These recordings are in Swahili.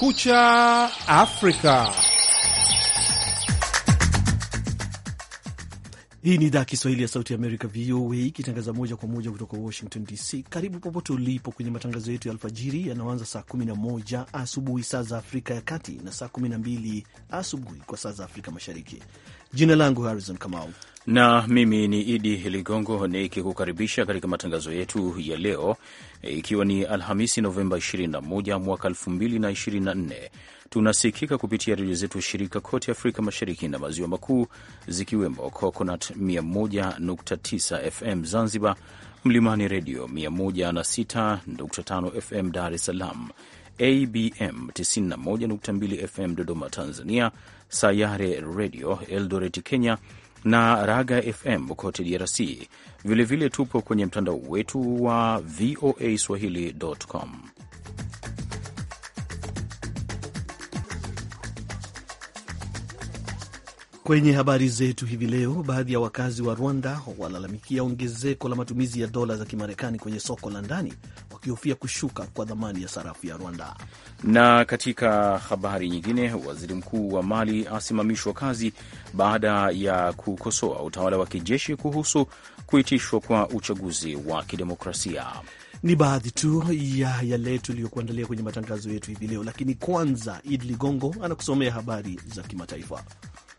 Kumekucha Afrika. Hii ni idhaa ya Kiswahili ya Sauti ya Amerika, VOA, ikitangaza moja kwa moja kutoka Washington DC. Karibu popote ulipo kwenye matangazo yetu ya alfajiri yanaoanza saa 11 asubuhi saa za Afrika ya Kati na saa 12 asubuhi kwa saa za Afrika Mashariki. Jina langu Harrison Kamau na mimi ni Idi Ligongo nikikukaribisha katika matangazo yetu ya leo, ikiwa ni Alhamisi Novemba 21 mwaka 2024 Tunasikika kupitia redio zetu shirika kote Afrika Mashariki na Maziwa Makuu, zikiwemo Coconut 101.9 FM Zanzibar, Mlimani Redio 106.5 FM Dar es Salaam, ABM 91.2 FM Dodoma Tanzania, Sayare Redio Eldoret Kenya na Raga FM kote DRC. Vilevile vile tupo kwenye mtandao wetu wa voa swahili.com. Kwenye habari zetu hivi leo, baadhi ya wakazi wa Rwanda walalamikia ongezeko la matumizi ya dola za Kimarekani kwenye soko la ndani, wakihofia kushuka kwa dhamani ya sarafu ya Rwanda. Na katika habari nyingine, waziri mkuu wa Mali asimamishwa kazi baada ya kukosoa utawala wa kijeshi kuhusu kuitishwa kwa uchaguzi wa kidemokrasia. Ni baadhi tu ya yale tuliyokuandalia kwenye matangazo yetu hivi leo, lakini kwanza Idi Ligongo anakusomea habari za kimataifa.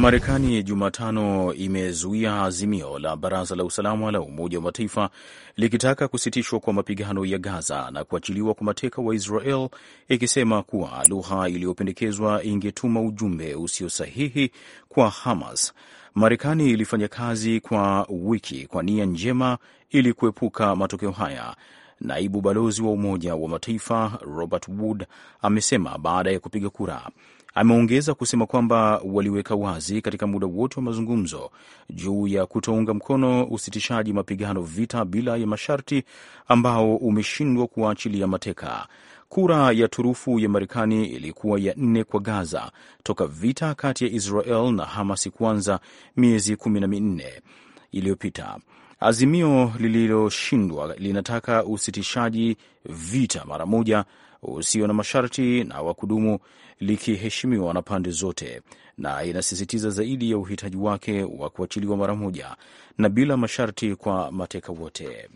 Marekani Jumatano imezuia azimio la Baraza la Usalama la Umoja wa Mataifa likitaka kusitishwa kwa mapigano ya Gaza na kuachiliwa kwa mateka wa Israel, ikisema kuwa lugha iliyopendekezwa ingetuma ujumbe usio sahihi kwa Hamas. Marekani ilifanya kazi kwa wiki kwa nia njema ili kuepuka matokeo haya. Naibu balozi wa Umoja wa Mataifa Robert Wood amesema baada ya kupiga kura Ameongeza kusema kwamba waliweka wazi katika muda wote wa mazungumzo juu ya kutounga mkono usitishaji mapigano vita bila ya masharti ambao umeshindwa kuwaachilia mateka. Kura ya turufu ya Marekani ilikuwa ya nne kwa Gaza toka vita kati ya Israel na Hamas kuanza miezi kumi na minne iliyopita. Azimio lililoshindwa linataka usitishaji vita mara moja usio na masharti na wa kudumu likiheshimiwa na pande zote, na inasisitiza zaidi ya uhitaji wake wa kuachiliwa mara moja na bila masharti kwa mateka wote.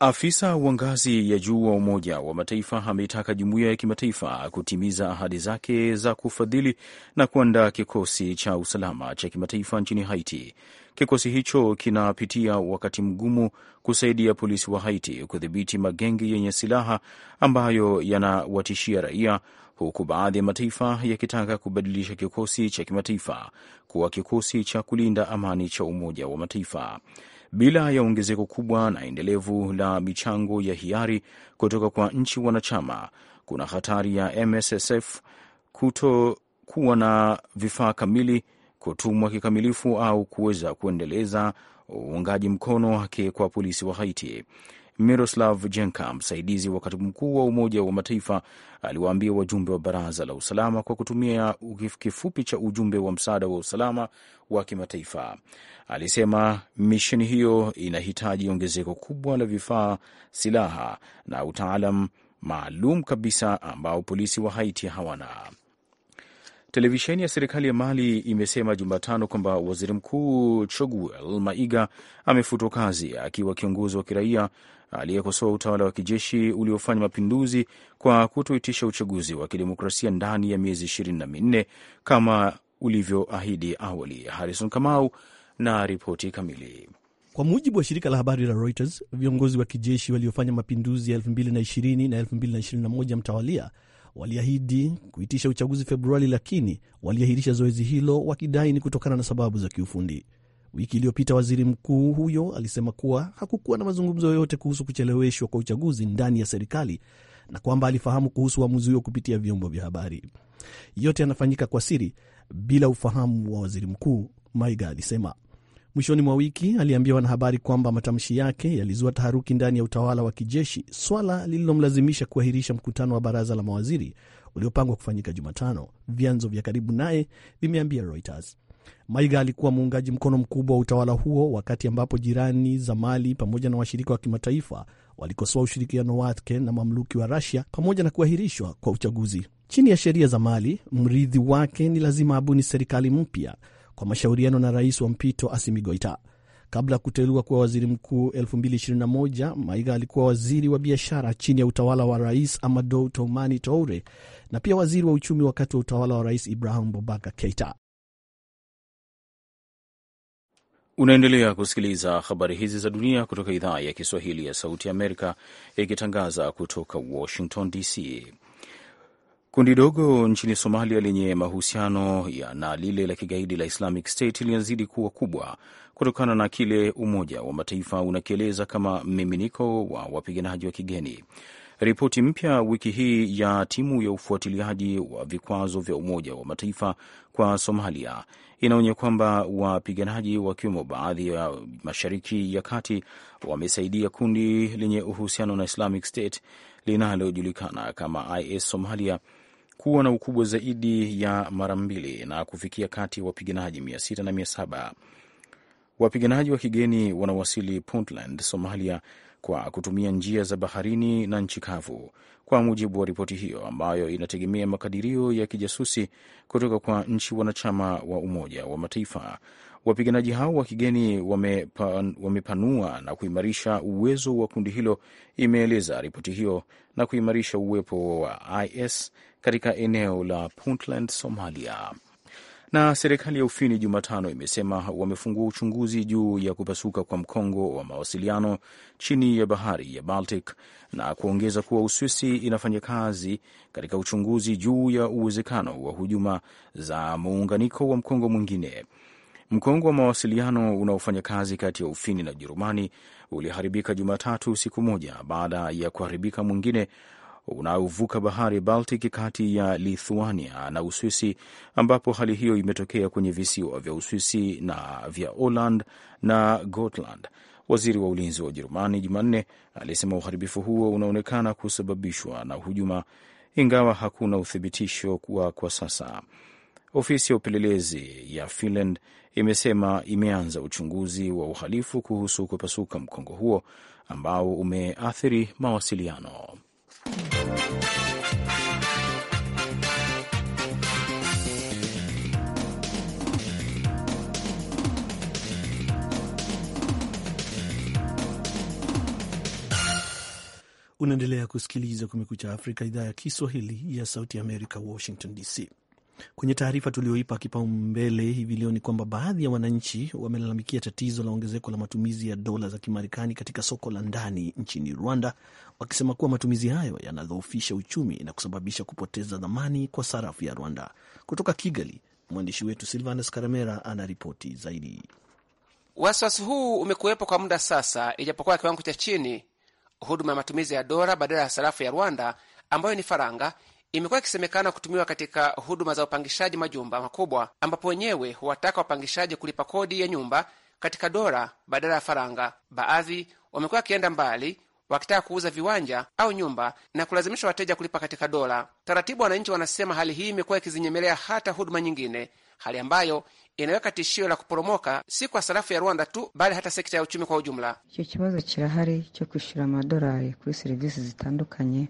Afisa wa ngazi ya juu wa Umoja wa Mataifa ameitaka jumuiya ya kimataifa kutimiza ahadi zake za kufadhili na kuandaa kikosi cha usalama cha kimataifa nchini Haiti Kikosi hicho kinapitia wakati mgumu kusaidia polisi wa Haiti kudhibiti magenge yenye silaha ambayo yanawatishia raia, huku baadhi ya mataifa yakitaka kubadilisha kikosi cha kimataifa kuwa kikosi cha kulinda amani cha Umoja wa Mataifa. Bila ya ongezeko kubwa na endelevu la michango ya hiari kutoka kwa nchi wanachama, kuna hatari ya MSSF kuto kuwa na vifaa kamili kutumwa kikamilifu au kuweza kuendeleza uungaji mkono wake kwa polisi wa Haiti. Miroslav Jenka, msaidizi wa katibu mkuu wa Umoja wa Mataifa, aliwaambia wajumbe wa Baraza la Usalama kwa kutumia kifupi cha ujumbe wa msaada wa usalama wa kimataifa. Alisema misheni hiyo inahitaji ongezeko kubwa la vifaa, silaha na utaalam maalum kabisa ambao polisi wa Haiti hawana. Televisheni ya serikali ya Mali imesema Jumatano kwamba waziri mkuu Choguel Maiga amefutwa kazi akiwa kiongozi wa kiraia aliyekosoa utawala wa kijeshi uliofanya mapinduzi kwa kutoitisha uchaguzi wa kidemokrasia ndani ya miezi ishirini na minne kama ulivyoahidi awali. Harrison Kamau na ripoti kamili. Kwa mujibu wa shirika la habari la Reuters, viongozi wa kijeshi waliofanya mapinduzi ya 2020 na 2021 mtawalia Waliahidi kuitisha uchaguzi Februari, lakini waliahirisha zoezi hilo wakidai ni kutokana na sababu za kiufundi. Wiki iliyopita waziri mkuu huyo alisema kuwa hakukuwa na mazungumzo yoyote kuhusu kucheleweshwa kwa uchaguzi ndani ya serikali na kwamba alifahamu kuhusu uamuzi huo kupitia vyombo vya habari. Yote yanafanyika kwa siri bila ufahamu wa waziri mkuu, Maiga alisema. Mwishoni mwa wiki aliambia wanahabari kwamba matamshi yake yalizua taharuki ndani ya utawala wa kijeshi, swala lililomlazimisha kuahirisha mkutano wa baraza la mawaziri uliopangwa kufanyika Jumatano, vyanzo vya karibu naye vimeambia Reuters. Maiga alikuwa muungaji mkono mkubwa wa utawala huo, wakati ambapo jirani za Mali pamoja na washirika wa kimataifa walikosoa ushirikiano wake na mamluki wa rasia pamoja na kuahirishwa kwa uchaguzi. Chini ya sheria za Mali, mrithi wake ni lazima abuni serikali mpya kwa mashauriano na rais wa mpito asimigoita Goita. Kabla ya kuteuliwa kuwa waziri mkuu 2021, Maiga alikuwa waziri wa biashara chini ya utawala wa Rais Amadou Toumani Toure na pia waziri wa uchumi wakati wa utawala wa Rais Ibrahim bobakar Keita. Unaendelea kusikiliza habari hizi za dunia kutoka idhaa ya Kiswahili ya Sauti Amerika, ikitangaza kutoka Washington DC. Kundi dogo nchini Somalia lenye mahusiano na lile la kigaidi la Islamic State linazidi kuwa kubwa kutokana na kile Umoja wa Mataifa unakieleza kama mmiminiko wa wapiganaji wa kigeni. Ripoti mpya wiki hii ya timu ya ufuatiliaji wa vikwazo vya Umoja wa Mataifa kwa Somalia inaonya kwamba wapiganaji wakiwemo baadhi ya Mashariki ya Kati wamesaidia kundi lenye uhusiano na Islamic State linalojulikana kama IS Somalia kuwa na ukubwa zaidi ya mara mbili na kufikia kati ya wapiganaji mia sita na mia saba. Wapiganaji wa kigeni wanawasili Puntland, Somalia, kwa kutumia njia za baharini na nchi kavu kwa mujibu wa ripoti hiyo ambayo inategemea makadirio ya kijasusi kutoka kwa nchi wanachama wa Umoja wa Mataifa. Wapiganaji hao wa kigeni wamepan, wamepanua na kuimarisha uwezo wa kundi hilo, imeeleza ripoti hiyo, na kuimarisha uwepo wa IS katika eneo la Puntland, Somalia. Na serikali ya Ufini Jumatano imesema wamefungua uchunguzi juu ya kupasuka kwa mkongo wa mawasiliano chini ya bahari ya Baltic na kuongeza kuwa Uswisi inafanya kazi katika uchunguzi juu ya uwezekano wa hujuma za muunganiko wa mkongo mwingine. Mkongo wa mawasiliano unaofanya kazi kati ya Ufini na Ujerumani uliharibika Jumatatu, siku moja baada ya kuharibika mwingine unaovuka bahari Baltic kati ya Lithuania na Uswisi, ambapo hali hiyo imetokea kwenye visiwa vya Uswisi na vya Oland na Gotland. Waziri wa ulinzi wa Ujerumani Jumanne alisema uharibifu huo unaonekana kusababishwa na hujuma, ingawa hakuna uthibitisho wa kwa sasa. Ofisi ya upelelezi ya Finland imesema imeanza uchunguzi wa uhalifu kuhusu kupasuka mkongo huo ambao umeathiri mawasiliano. Unaendelea kusikiliza Kumekucha Afrika, idhaa ya Kiswahili ya Sauti ya Amerika, Washington DC. Kwenye taarifa tulioipa kipaumbele hivi leo ni kwamba baadhi ya wananchi wamelalamikia tatizo la ongezeko la matumizi ya dola za Kimarekani katika soko la ndani nchini Rwanda, wakisema kuwa matumizi hayo yanadhoofisha uchumi na kusababisha kupoteza dhamani kwa sarafu ya Rwanda. Kutoka Kigali, mwandishi wetu Silvanus Karamera ripoti zaidi. Wasiwasi huu umekuwepo kwa muda sasa, ijapokuwa kiwango cha chini huduma ya matumizi ya dola badala ya sarafu ya Rwanda ambayo ni faranga imekuwa ikisemekana kutumiwa katika huduma za upangishaji majumba makubwa, ambapo wenyewe huwataka wapangishaji kulipa kodi ya nyumba katika dola badala ya faranga. Baadhi wamekuwa wakienda mbali wakitaka kuuza viwanja au nyumba na kulazimisha wateja kulipa katika dola. Taratibu, wananchi wanasema hali hii imekuwa ikizinyemelea hata huduma nyingine, hali ambayo inaweka tishio la kuporomoka si kwa sarafu ya Rwanda tu bali hata sekta ya uchumi kwa ujumla.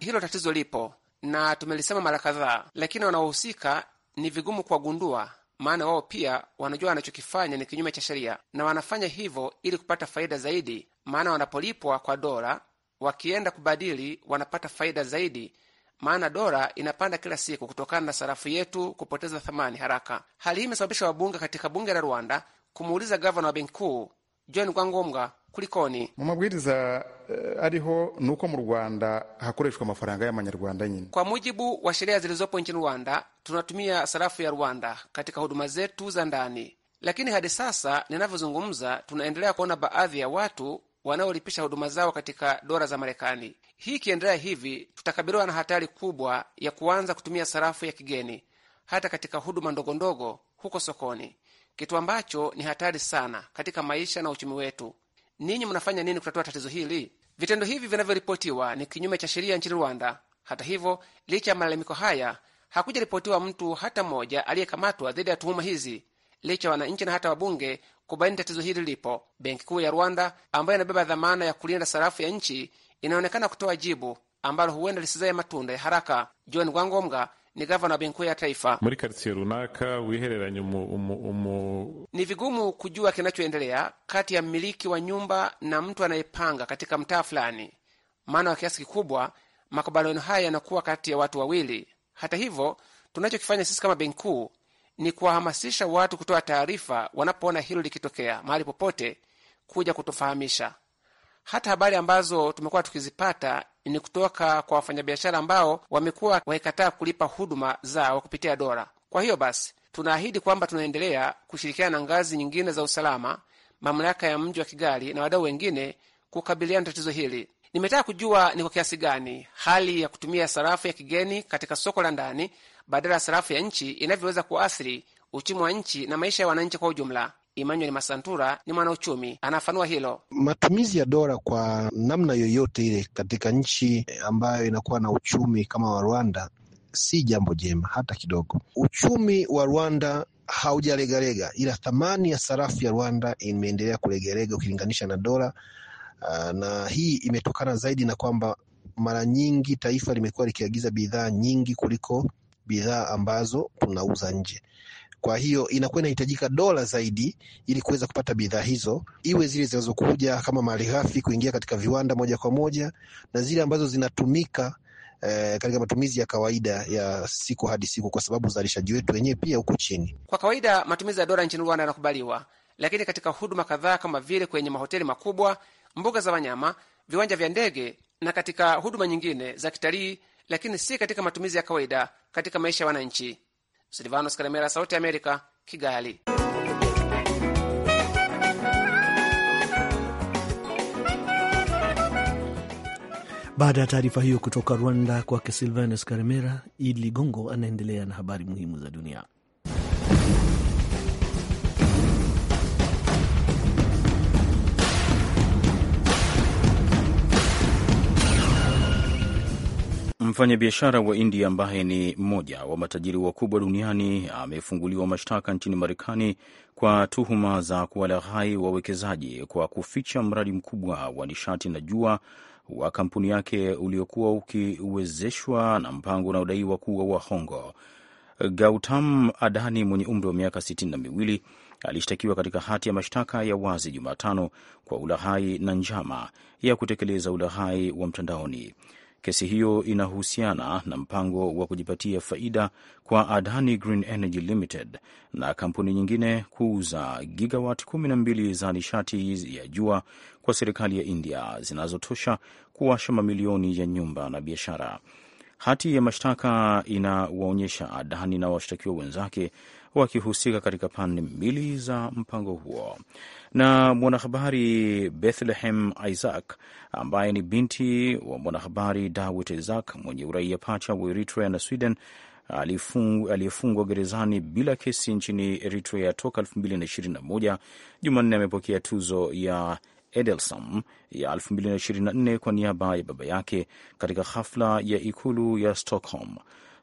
Hilo tatizo lipo na tumelisema mara kadhaa, lakini wanaohusika ni vigumu kuwagundua, maana wao pia wanajua wanachokifanya ni kinyume cha sheria, na wanafanya hivyo ili kupata faida zaidi, maana wanapolipwa kwa dola, wakienda kubadili wanapata faida zaidi maana dola inapanda kila siku kutokana na sarafu yetu kupoteza thamani haraka. Hali hii imesababisha wabunge katika bunge la Rwanda kumuuliza gavana wa benki kuu John Rwangombwa kulikoni mu mabwiriza Eh, ariho nuko mu Rwanda hakoreshwa amafaranga y'amanyarwanda nyine. Kwa mujibu wa sheria zilizopo nchini Rwanda, tunatumia sarafu ya Rwanda katika huduma zetu za ndani, lakini hadi sasa ninavyozungumza, tunaendelea kuona baadhi ya watu wanaolipisha huduma zao katika dola za Marekani. Hii ikiendelea hivi, tutakabiliwa na hatari kubwa ya kuanza kutumia sarafu ya kigeni hata katika huduma ndogondogo huko sokoni, kitu ambacho ni hatari sana katika maisha na uchumi wetu Ninyi mnafanya nini kutatua tatizo hili? Vitendo hivi vinavyoripotiwa ni kinyume cha sheria nchini Rwanda. Hata hivyo, licha ya malalamiko haya, hakujaripotiwa mtu hata mmoja aliyekamatwa dhidi ya tuhuma hizi, licha ya wananchi na hata wabunge kubaini tatizo hili lipo. Benki Kuu ya Rwanda, ambayo inabeba dhamana ya kulinda sarafu ya nchi, inaonekana kutoa jibu ambalo huenda lisizaye matunda ya haraka. John Gwangomga, ni gavana wa benki kuu ya taifa. muri karitsiye runaka wihereranye umu, umu, umu... ni vigumu kujua kinachoendelea kati ya mmiliki wa nyumba na mtu anayepanga katika mtaa fulani, maana wa kiasi kikubwa makubaliano haya yanakuwa kati ya watu wawili. Hata hivyo, tunachokifanya sisi kama benki kuu ni kuwahamasisha watu kutoa taarifa wanapoona hilo likitokea mahali popote, kuja kutufahamisha. Hata habari ambazo tumekuwa tukizipata ni kutoka kwa wafanyabiashara ambao wamekuwa wakikataa kulipa huduma zao kupitia dola. Kwa hiyo basi, tunaahidi kwamba tunaendelea kushirikiana na ngazi nyingine za usalama, mamlaka ya mji wa Kigali na wadau wengine kukabiliana na tatizo hili. Nimetaka kujua ni kwa kiasi gani hali ya kutumia sarafu ya kigeni katika soko la ndani badala ya sarafu ya nchi inavyoweza kuathiri uchumi wa nchi na maisha ya wananchi kwa ujumla. Emmanuel Masantura ni mwanauchumi, anafanua hilo. Matumizi ya dola kwa namna yoyote ile katika nchi eh, ambayo inakuwa na uchumi kama wa Rwanda si jambo jema hata kidogo. Uchumi wa Rwanda haujaregarega, ila thamani ya sarafu ya Rwanda imeendelea kuregarega ukilinganisha na dola, ah, na hii imetokana zaidi na kwamba mara nyingi taifa limekuwa likiagiza bidhaa nyingi kuliko bidhaa ambazo tunauza nje. Kwa hiyo inakuwa inahitajika dola zaidi ili kuweza kupata bidhaa hizo, iwe zile zinazokuja kama ghafi kuingia katika viwanda moja kwa moja na zile ambazo zinatumika eh, katika matumizi ya kawaida ya siku hadi siku, kwa sababu uzalishaji wetu wenyewe pia huko chini. Kwa kawaida matumizi ya dola nchini Rwanda yanakubaliwa, lakini katika huduma kadhaa kama vile kwenye mahoteli makubwa, mbuga za wanyama, viwanja vya ndege na katika huduma nyingine za kitalii, lakini si katika matumizi ya kawaida katika maisha ya wananchi. Silvanos Karemera, Sauti Amerika, Kigali. Baada ya taarifa hiyo kutoka Rwanda kwake Silvanus Karemera, Idi Ligongo anaendelea na habari muhimu za dunia. Mfanyabiashara wa India ambaye ni mmoja wa matajiri wakubwa duniani amefunguliwa mashtaka nchini Marekani kwa tuhuma za kuwalaghai wawekezaji kwa kuficha mradi mkubwa wa nishati na jua wa kampuni yake uliokuwa ukiwezeshwa na mpango unaodaiwa kuwa wa hongo. Gautam Adani mwenye umri wa miaka sitini na miwili alishtakiwa katika hati ya mashtaka ya wazi Jumatano kwa ulaghai na njama ya kutekeleza ulaghai wa mtandaoni. Kesi hiyo inahusiana na mpango wa kujipatia faida kwa Adani Green Energy Limited na kampuni nyingine kuuza gigawati mbili za nishati ya jua kwa serikali ya India zinazotosha kuwasha mamilioni ya nyumba na biashara. Hati ya mashtaka inawaonyesha Adani na washtakiwa wenzake wakihusika katika pande mbili za mpango huo. Na mwanahabari Bethlehem Isaac ambaye ni binti wa mwanahabari Dawit Isaac mwenye uraia pacha wa Eritrea na Sweden aliyefungwa gerezani bila kesi nchini Eritrea toka 2021 Jumanne amepokea tuzo ya Edelsom ya 2024 kwa niaba ya baba yake katika hafla ya ikulu ya Stockholm.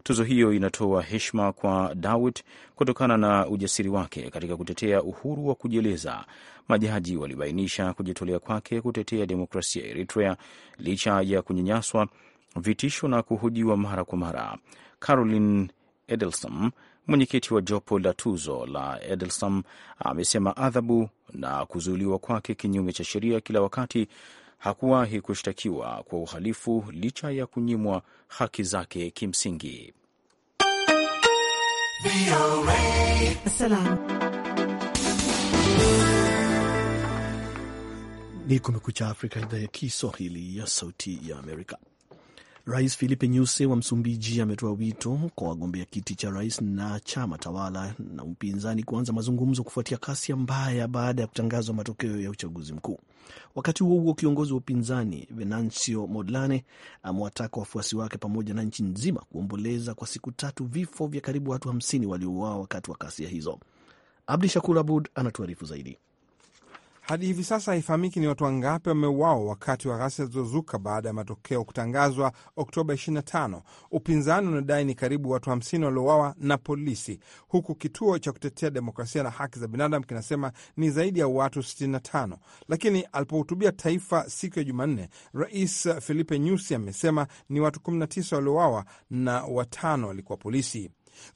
Tuzo hiyo inatoa heshima kwa Dawit kutokana na ujasiri wake katika kutetea uhuru wa kujieleza. Majaji walibainisha kujitolea kwake kutetea demokrasia ya Eritrea licha ya kunyanyaswa, vitisho na kuhojiwa mara kwa mara. Caroline Edelsam mwenyekiti wa jopo la tuzo la Edelsam amesema adhabu na kuzuiliwa kwake kinyume cha sheria kila wakati hakuwahi kushtakiwa kwa uhalifu licha ya kunyimwa haki zake kimsingi. Ni Kumekucha Afrika, idhaa ya Kiswahili ya Sauti ya Amerika. Rais Filipe Nyusi wa Msumbiji ametoa wito kwa wagombea kiti cha rais na chama tawala na upinzani kuanza mazungumzo kufuatia kasi mbaya baada ya kutangazwa matokeo ya uchaguzi mkuu. Wakati huo huo, kiongozi wa upinzani Venancio Modlane amewataka wafuasi wake pamoja na nchi nzima kuomboleza kwa siku tatu vifo vya karibu watu hamsini waliouawa wakati wa kasia hizo. Abdi Shakur Abud anatuarifu zaidi. Hadi hivi sasa haifahamiki ni watu wangapi wameuawa wakati wa ghasia zilizozuka baada ya matokeo kutangazwa Oktoba 25. Upinzani unadai ni karibu watu 50 waliouawa na polisi, huku kituo cha kutetea demokrasia na haki za binadamu kinasema ni zaidi ya watu 65. Lakini alipohutubia taifa siku ya Jumanne, Rais Filipe Nyusi amesema ni watu 19 waliouawa na watano walikuwa polisi.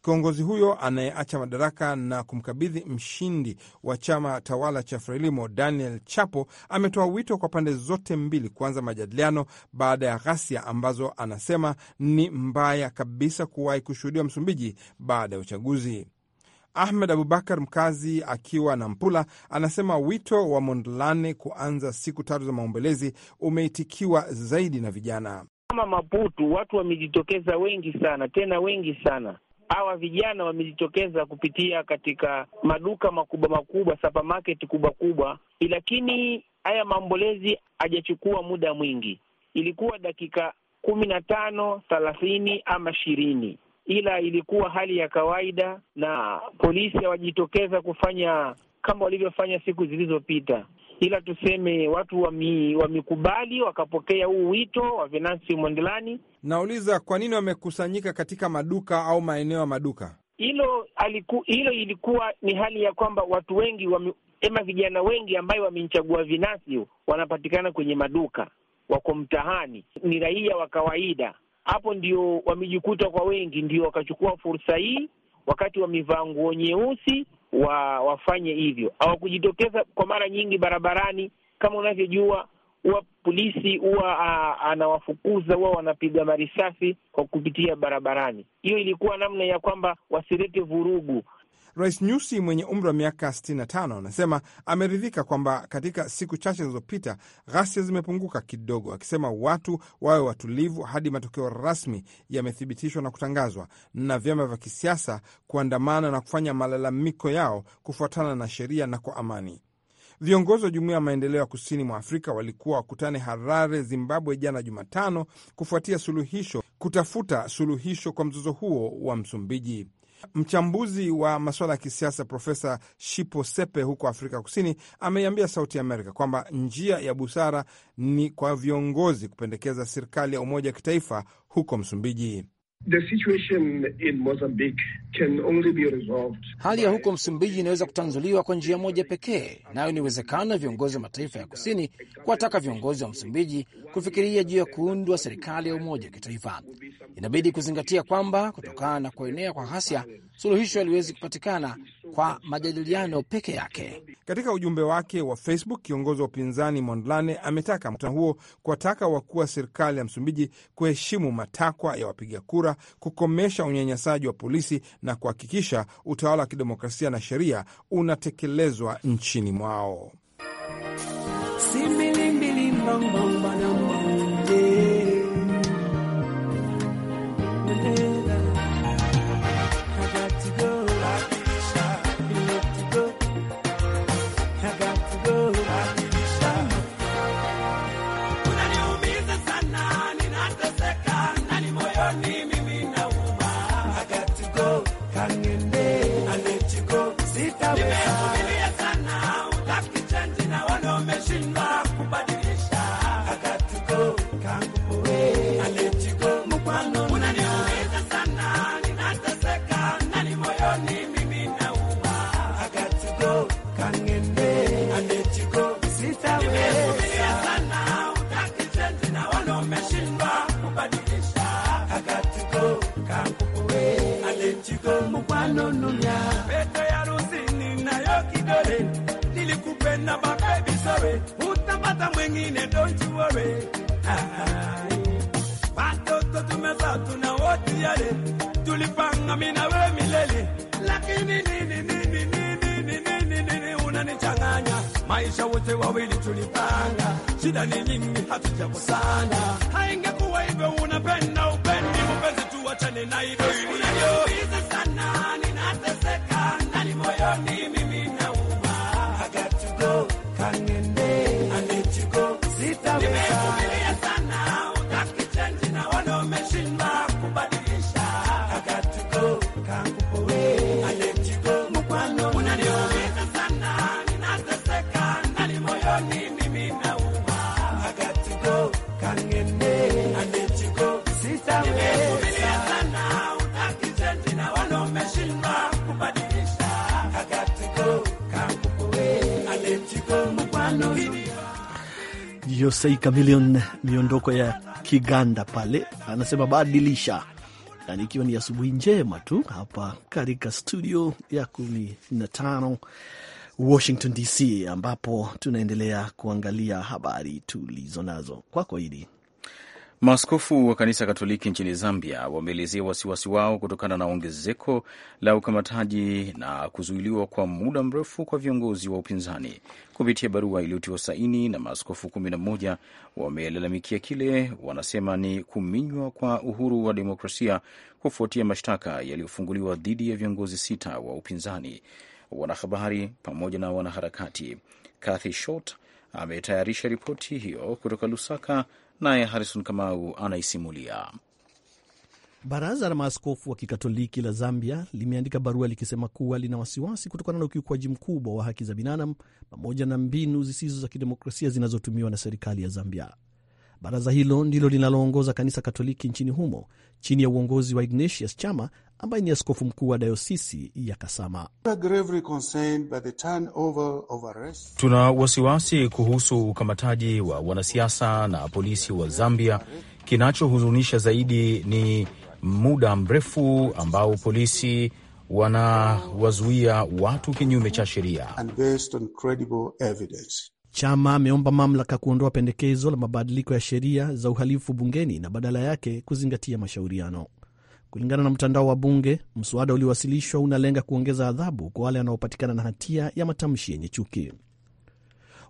Kiongozi huyo anayeacha madaraka na kumkabidhi mshindi wa chama tawala cha Frelimo Daniel Chapo ametoa wito kwa pande zote mbili kuanza majadiliano baada ya ghasia ambazo anasema ni mbaya kabisa kuwahi kushuhudiwa Msumbiji baada ya uchaguzi. Ahmed Abubakar, mkazi akiwa Nampula, anasema wito wa Mondlane kuanza siku tatu za maombelezi umeitikiwa zaidi na vijana. Kama Maputu, watu wamejitokeza wengi sana, tena wengi sana hawa vijana wamejitokeza kupitia katika maduka makubwa makubwa, supermarket kubwa kubwa, lakini haya maombolezi hajachukua muda mwingi, ilikuwa dakika kumi na tano thelathini ama ishirini ila ilikuwa hali ya kawaida, na polisi hawajitokeza kufanya kama walivyofanya siku zilizopita, ila tuseme watu wami, wakapokea huu wito wa Venansi Mondlane. Nauliza, kwa nini wamekusanyika katika maduka au maeneo ya maduka? Hilo aliku, hilo ilikuwa ni hali ya kwamba watu wengi wame, ema vijana wengi ambayo wamemchagua vinasi wanapatikana kwenye maduka, wako mtahani ni raia wa kawaida. Hapo ndio wamejikuta kwa wengi, ndio wakachukua fursa hii wakati wamevaa nguo nyeusi wa, wafanye hivyo. Hawakujitokeza kwa mara nyingi barabarani, kama unavyojua huwa polisi huwa anawafukuza, huwa wanapiga marisasi kwa kupitia barabarani. Hiyo ilikuwa namna ya kwamba wasilete vurugu, Rais Nyusi mwenye umri wa miaka 65 anasema ameridhika kwamba katika siku chache zilizopita ghasia zimepunguka kidogo, akisema watu wawe watulivu hadi matokeo rasmi yamethibitishwa na kutangazwa, na vyama vya kisiasa kuandamana na kufanya malalamiko yao kufuatana na sheria na kwa amani. Viongozi wa Jumuiya ya Maendeleo ya Kusini mwa Afrika walikuwa wakutane Harare, Zimbabwe jana Jumatano kufuatia suluhisho, kutafuta suluhisho kwa mzozo huo wa Msumbiji. Mchambuzi wa masuala ya kisiasa Profesa Shipo Sepe huko Afrika Kusini ameiambia Sauti Amerika kwamba njia ya busara ni kwa viongozi kupendekeza serikali ya umoja wa kitaifa huko Msumbiji. The situation in Mozambique can only be resolved. Hali ya huko Msumbiji inaweza kutanzuliwa kwa njia moja pekee, nayo ni uwezekano wa viongozi wa mataifa ya kusini kuwataka viongozi wa Msumbiji kufikiria juu ya kuundwa serikali ya umoja wa kitaifa. Inabidi kuzingatia kwamba kutokana na kuenea kwa ghasia suluhisho haliwezi kupatikana kwa majadiliano peke yake. Katika ujumbe wake wa Facebook, kiongozi wa upinzani Mondlane ametaka mkutano huo kuwataka wakuu wa serikali ya Msumbiji kuheshimu matakwa ya wapiga kura, kukomesha unyanyasaji wa polisi na kuhakikisha utawala wa kidemokrasia na sheria unatekelezwa nchini mwao. Simili mbili mbongo. hatujakosana. Haingekuwa hivyo, unapenda upendi, mpenzi, tuachane na hivyo. Unaniumiza sana, ninateseka ndani moyoni, mimi nauma. Josei Chameleone, miondoko ya Kiganda pale, anasema badilisha, yaani ikiwa ni asubuhi njema tu hapa katika studio ya kumi na tano Washington DC, ambapo tunaendelea kuangalia habari tulizo nazo kwako, hili Maaskofu wa kanisa Katoliki nchini Zambia wameelezea wasiwasi wao kutokana na ongezeko la ukamataji na kuzuiliwa kwa muda mrefu kwa viongozi wa upinzani. Kupitia barua iliyotiwa saini na maaskofu 11 wamelalamikia kile wanasema ni kuminywa kwa uhuru wa demokrasia kufuatia mashtaka yaliyofunguliwa dhidi ya viongozi sita wa upinzani, wanahabari pamoja na wanaharakati. Kathy Short ametayarisha ripoti hiyo kutoka Lusaka naye Harrison Kamau anaisimulia. Baraza la Maaskofu wa Kikatoliki la Zambia limeandika barua likisema kuwa lina wasiwasi kutokana na ukiukwaji mkubwa wa haki za binadamu pamoja na mbinu zisizo za kidemokrasia zinazotumiwa na serikali ya Zambia. Baraza hilo ndilo linaloongoza kanisa Katoliki nchini humo chini ya uongozi wa Ignatius Chama ambaye ni askofu mkuu wa dayosisi ya Kasama. Tuna wasiwasi kuhusu ukamataji wa wanasiasa na polisi wa Zambia. Kinachohuzunisha zaidi ni muda mrefu ambao polisi wanawazuia watu kinyume cha sheria. Chama ameomba mamlaka kuondoa pendekezo la mabadiliko ya sheria za uhalifu bungeni na badala yake kuzingatia mashauriano. Kulingana na mtandao wa bunge, mswada uliowasilishwa unalenga kuongeza adhabu kwa wale wanaopatikana na hatia ya matamshi yenye chuki.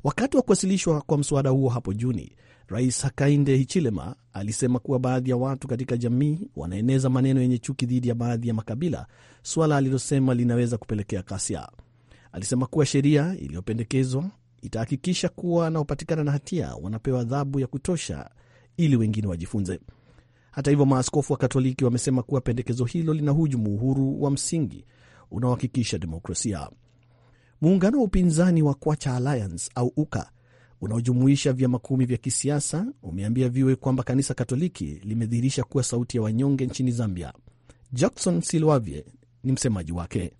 Wakati wa kuwasilishwa kwa mswada huo hapo Juni, Rais Hakainde Hichilema alisema kuwa baadhi ya watu katika jamii wanaeneza maneno yenye chuki dhidi ya baadhi ya makabila, suala alilosema linaweza kupelekea ghasia. Alisema kuwa sheria iliyopendekezwa itahakikisha kuwa wanaopatikana na hatia wanapewa adhabu ya kutosha ili wengine wajifunze. Hata hivyo, maaskofu wa Katoliki wamesema kuwa pendekezo hilo linahujumu uhuru wa msingi unaohakikisha demokrasia. Muungano wa upinzani wa Kwacha Alliance au UKA unaojumuisha vyama kumi vya kisiasa umeambia viwe kwamba kanisa Katoliki limedhihirisha kuwa sauti ya wanyonge nchini Zambia. Jackson Silwavye ni msemaji wake.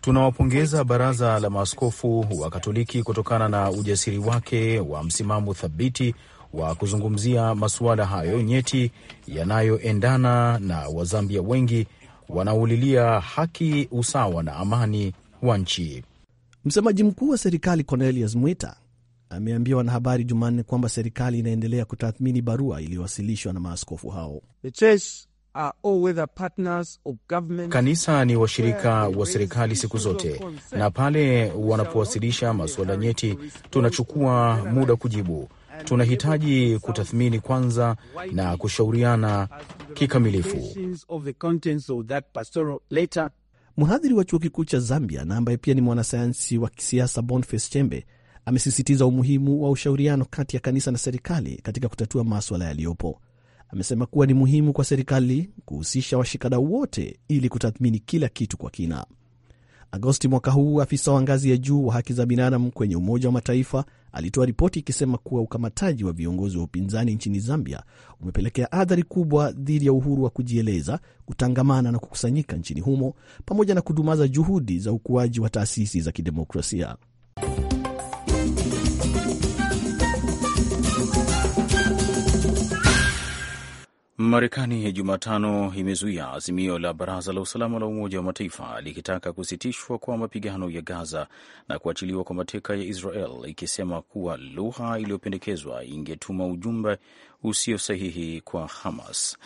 Tunawapongeza Baraza la Maaskofu wa Katoliki kutokana na ujasiri wake wa msimamo thabiti wa kuzungumzia masuala hayo nyeti yanayoendana na Wazambia wengi wanaoulilia haki, usawa na amani wa nchi. Msemaji mkuu wa serikali Cornelius Mwita ameambia wanahabari Jumanne kwamba serikali inaendelea kutathmini barua iliyowasilishwa na maaskofu hao. The church Uh, kanisa ni washirika wa serikali siku zote, na pale wanapowasilisha masuala nyeti, tunachukua muda kujibu. Tunahitaji kutathmini kwanza na kushauriana kikamilifu. Mhadhiri wa chuo kikuu cha Zambia na ambaye pia ni mwanasayansi wa kisiasa Boniface Chembe amesisitiza umuhimu wa ushauriano kati ya kanisa na serikali katika kutatua maswala yaliyopo amesema kuwa ni muhimu kwa serikali kuhusisha washikadau wote ili kutathmini kila kitu kwa kina. Agosti mwaka huu, afisa wa ngazi ya juu wa haki za binadamu kwenye Umoja wa Mataifa alitoa ripoti ikisema kuwa ukamataji wa viongozi wa upinzani nchini Zambia umepelekea athari kubwa dhidi ya uhuru wa kujieleza, kutangamana na kukusanyika nchini humo, pamoja na kudumaza juhudi za ukuaji wa taasisi za kidemokrasia. Marekani Jumatano imezuia azimio la Baraza la Usalama la Umoja wa Mataifa likitaka kusitishwa kwa mapigano ya Gaza na kuachiliwa kwa mateka ya Israel, ikisema kuwa lugha iliyopendekezwa ingetuma ujumbe usio sahihi kwa Hamas.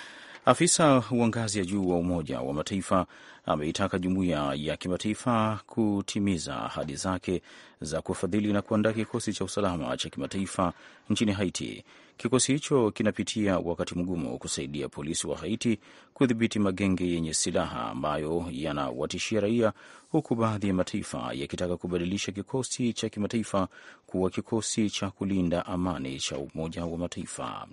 Afisa wa ngazi ya juu wa Umoja wa Mataifa ameitaka jumuiya ya kimataifa kutimiza ahadi zake za kufadhili na kuandaa kikosi cha usalama cha kimataifa nchini Haiti. Kikosi hicho kinapitia wakati mgumu kusaidia polisi wa Haiti kudhibiti magenge yenye silaha ambayo yanawatishia raia, huku baadhi ya mataifa yakitaka kubadilisha kikosi cha kimataifa kuwa kikosi cha kulinda amani cha Umoja wa Mataifa.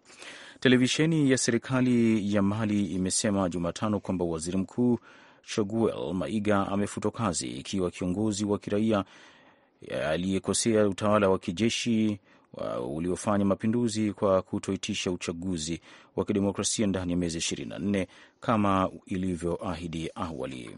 Televisheni ya serikali ya Mali imesema Jumatano kwamba waziri mkuu Choguel Maiga amefutwa kazi ikiwa kiongozi wa kiraia aliyekosea utawala wa kijeshi uliofanya mapinduzi kwa kutoitisha uchaguzi wa kidemokrasia ndani ya miezi 24 kama ilivyoahidi awali.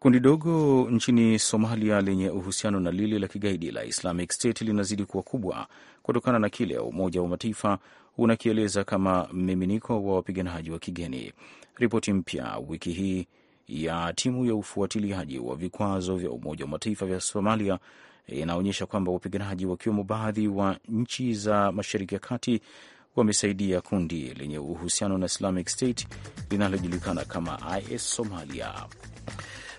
Kundi dogo nchini Somalia lenye uhusiano na lile la kigaidi la Islamic State linazidi kuwa kubwa kutokana na kile Umoja wa Mataifa unakieleza kama mmiminiko wa wapiganaji wa kigeni ripoti mpya wiki hii ya timu ya ufuatiliaji wa vikwazo vya Umoja wa Mataifa vya Somalia inaonyesha kwamba wapiganaji wakiwemo baadhi wa nchi za Mashariki ya Kati wamesaidia kundi lenye uhusiano na Islamic State linalojulikana kama IS Somalia.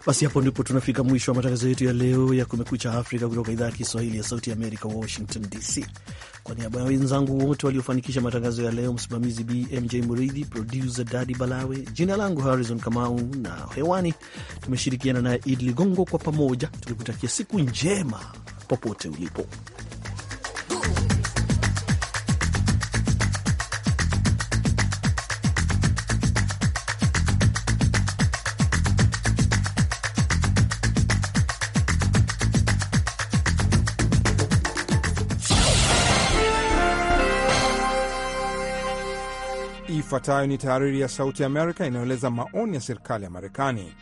Basi hapo ndipo tunafika mwisho wa matangazo yetu ya leo ya Kumekucha Afrika kutoka idhaa ya Kiswahili ya Sauti ya Amerika, Washington DC. Kwa niaba ya wenzangu wote waliofanikisha matangazo ya leo, msimamizi BMJ Muridhi, produsa Dadi Balawe, jina langu Harrison Kamau na hewani tumeshirikiana naye Idi Ligongo. Kwa pamoja tukikutakia siku njema popote ulipo. Ifuatayo ni tahariri ya Sauti Amerika inayoeleza maoni ya serikali ya Marekani.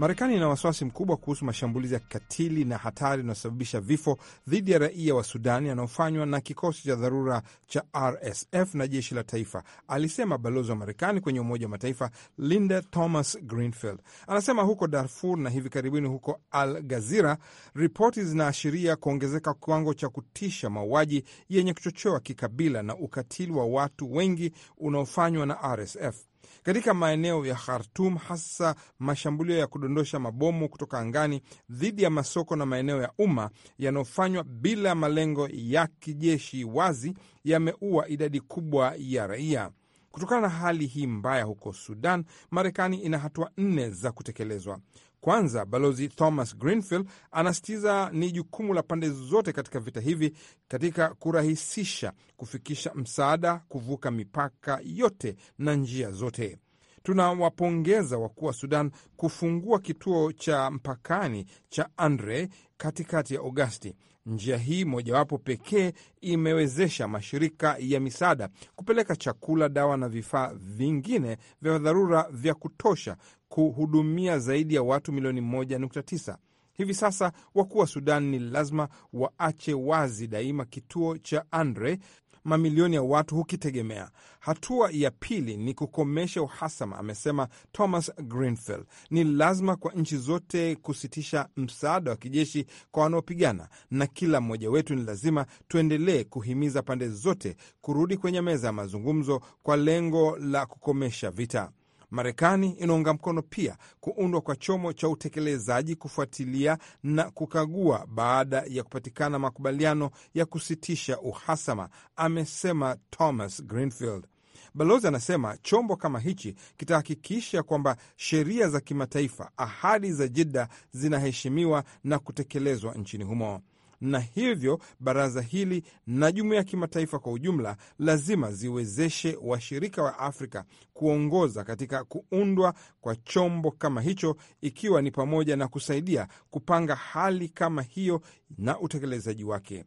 Marekani ina wasiwasi mkubwa kuhusu mashambulizi ya kikatili na hatari inayosababisha vifo dhidi ya raia wa Sudani yanayofanywa na kikosi cha dharura cha RSF na jeshi la taifa, alisema balozi wa Marekani kwenye Umoja wa Mataifa Linda Thomas Greenfield. Anasema huko Darfur na hivi karibuni huko Al Gazira, ripoti zinaashiria kuongezeka kiwango cha kutisha mauaji yenye kuchochewa kikabila na ukatili wa watu wengi unaofanywa na RSF. Katika maeneo ya Khartum, hasa mashambulio ya kudondosha mabomu kutoka angani dhidi ya masoko na maeneo ya umma yanayofanywa bila malengo ya kijeshi wazi yameua idadi kubwa ya raia. Kutokana na hali hii mbaya huko Sudan, Marekani ina hatua nne za kutekelezwa. Kwanza, Balozi Thomas Greenfield anasisitiza ni jukumu la pande zote katika vita hivi katika kurahisisha kufikisha msaada kuvuka mipaka yote na njia zote. Tunawapongeza wakuu wa Sudan kufungua kituo cha mpakani cha Andre katikati ya Agosti. Njia hii mojawapo pekee imewezesha mashirika ya misaada kupeleka chakula, dawa na vifaa vingine vya dharura vya kutosha kuhudumia zaidi ya watu milioni 1.9. Hivi sasa wakuu wa Sudan ni lazima waache wazi daima kituo cha Andre, mamilioni ya watu hukitegemea. Hatua ya pili ni kukomesha uhasama, amesema Thomas Greenfield. Ni lazima kwa nchi zote kusitisha msaada wa kijeshi kwa wanaopigana, na kila mmoja wetu ni lazima tuendelee kuhimiza pande zote kurudi kwenye meza ya mazungumzo kwa lengo la kukomesha vita. Marekani inaunga mkono pia kuundwa kwa chomo cha utekelezaji kufuatilia na kukagua baada ya kupatikana makubaliano ya kusitisha uhasama, amesema Thomas Greenfield. Balozi anasema chombo kama hichi kitahakikisha kwamba sheria za kimataifa, ahadi za Jidda zinaheshimiwa na kutekelezwa nchini humo na hivyo baraza hili na jumuiya ya kimataifa kwa ujumla lazima ziwezeshe washirika wa Afrika kuongoza katika kuundwa kwa chombo kama hicho, ikiwa ni pamoja na kusaidia kupanga hali kama hiyo na utekelezaji wake.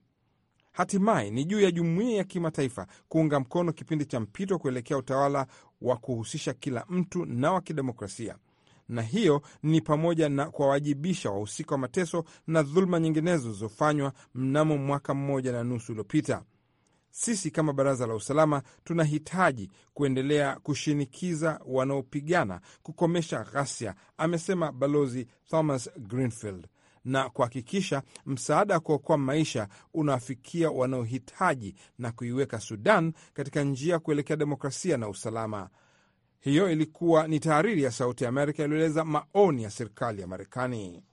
Hatimaye ni juu ya jumuiya ya kimataifa kuunga mkono kipindi cha mpito kuelekea utawala wa kuhusisha kila mtu na wa kidemokrasia na hiyo ni pamoja na kuwawajibisha wahusika wa mateso na dhuluma nyinginezo zilizofanywa mnamo mwaka mmoja na nusu uliopita. Sisi kama Baraza la Usalama tunahitaji kuendelea kushinikiza wanaopigana kukomesha ghasia, amesema Balozi Thomas Greenfield, na kuhakikisha msaada wa kuokoa maisha unawafikia wanaohitaji na kuiweka Sudan katika njia ya kuelekea demokrasia na usalama. Hiyo ilikuwa ni tahariri ya Sauti ya Amerika iliyoeleza maoni ya serikali ya Marekani.